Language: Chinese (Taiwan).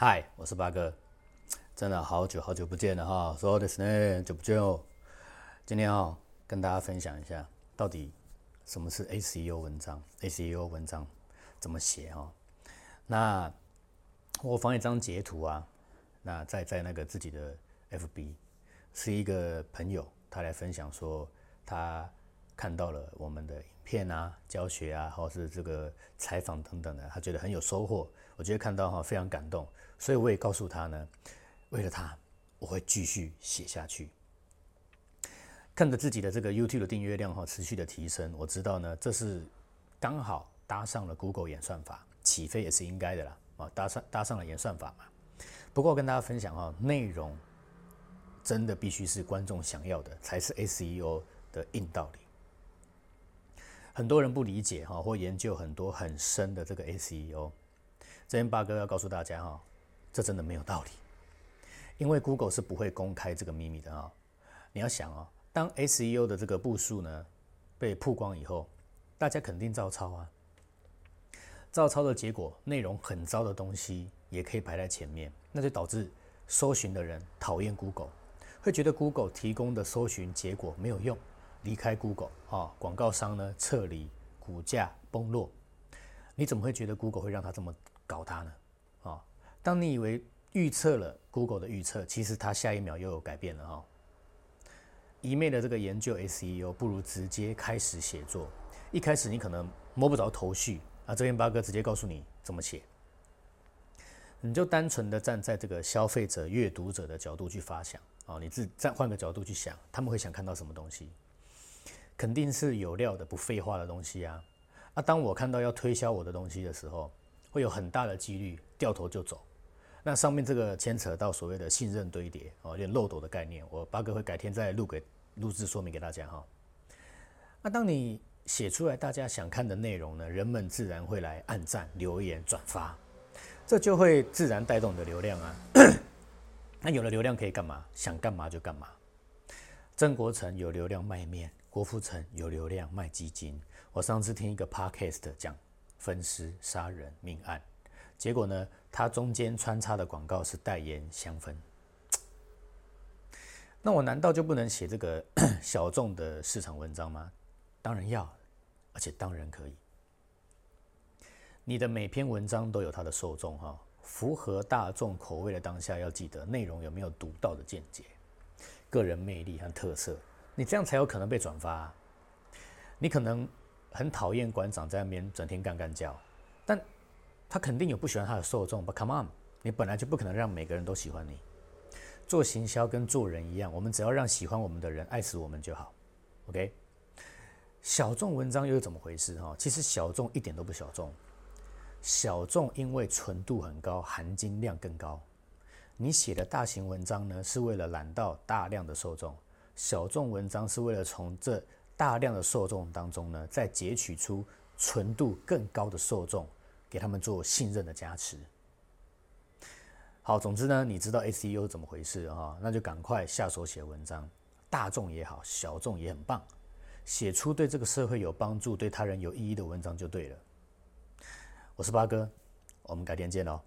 嗨，Hi, 我是巴哥，真的好久好久不見了哈，所有的兄弟久不見哦。今天哈跟大家分享一下，到底什麼是 SEO 文章，SEO 文章怎麼寫哦？那我放一張截圖啊，那在在那個自己的 F B，是一個朋友他來分享說他。看到了我們的影片啊、教學啊，或是這個採訪等等的，他覺得很有收穫。我覺得看到哈、啊、非常感動，所以我也告訴他呢，為了他，我會繼續寫下去。看着自己的這個 YouTube 訂閱量哈、啊、持續的提升，我知道呢，這是剛好搭上了 Google 演算法，起飛也是應該的啦，啊，搭上搭上了演算法嘛。不過跟大家分享哈，內容真的必須是觀眾想要的，才是 SEO 的硬道理。很多人不理解哈，或研究很多很深的這個 SEO，這邊巴哥要告訴大家哈，這真的沒有道理，因為 Google 是不會公開這個秘密的啊。你要想啊，當 SEO 的這個步數呢被曝光以後，大家肯定照抄啊。照抄的結果，內容很糟的東西也可以排在前面，那就導致搜尋的人討厭 Google，會覺得 Google 提供的搜尋結果沒有用。離開 Google 啊、哦，廣告商呢撤離，股價崩落。你怎麼會覺得 Google 會讓他這麼搞他呢？啊、哦，當你以為預測了 Google 的預測，其實他下一秒又有改變了哈、哦。一昧的這個研究 SEO，不如直接開始寫作。一開始你可能摸不着頭緒，啊，這邊巴哥直接告訴你怎麼寫。你就單純的站在這個消費者、閱讀者的角度去發想啊、哦，你自再換個角度去想，他們會想看到什麼東西。肯定是有料的、不廢話的東西啊！那、啊、當我看到要推銷我的東西的時候，會有很大的幾率掉頭就走。那上面這個牽扯到所謂的信任堆疊哦，有點漏斗的概念。我巴哥會改天再錄給錄製說明給大家哈。那、哦啊、當你寫出來大家想看的內容呢，人們自然會來按讚、留言、轉發，這就會自然帶動你的流量啊。 那有了流量可以幹嘛？想幹嘛就幹嘛。曾國城有流量賣麵，郭富城有流量賣雞精。我上次聽一個 podcast 講分屍殺人命案，結果呢，他中間穿插的廣告是代言香氛。那我難道就不能寫這個小眾的市場文章嗎？當然要，而且當然可以。你的每篇文章都有它的受眾哈、哦，符合大眾口味的當下，要記得內容有沒有獨到的見解。個人魅力和特色，你這樣才有可能被轉發啊。你可能很討厭館長在那邊整天幹干叫，但他肯定有不喜歡他的受眾。But come on，你本來就不可能讓每個人都喜歡你。做行銷跟做人一樣，我們只要讓喜歡我們的人愛死我們就好。OK，小眾文章又是怎麼回事？哈，其實小眾一點都不小眾，小眾因為純度很高，含金量更高。你寫的大型文章呢，是為了攬到大量的受眾；小眾文章是為了從這大量的受眾當中呢，再截取出純度更高的受眾，給他們做信任的加持。好，總之呢，你知道 SEO 怎麼回事啊？那就趕快下手寫文章，大眾也好，小眾也很棒，寫出對這個社會有幫助、對他人有意義的文章就對了。我是巴哥，我們改天見哦。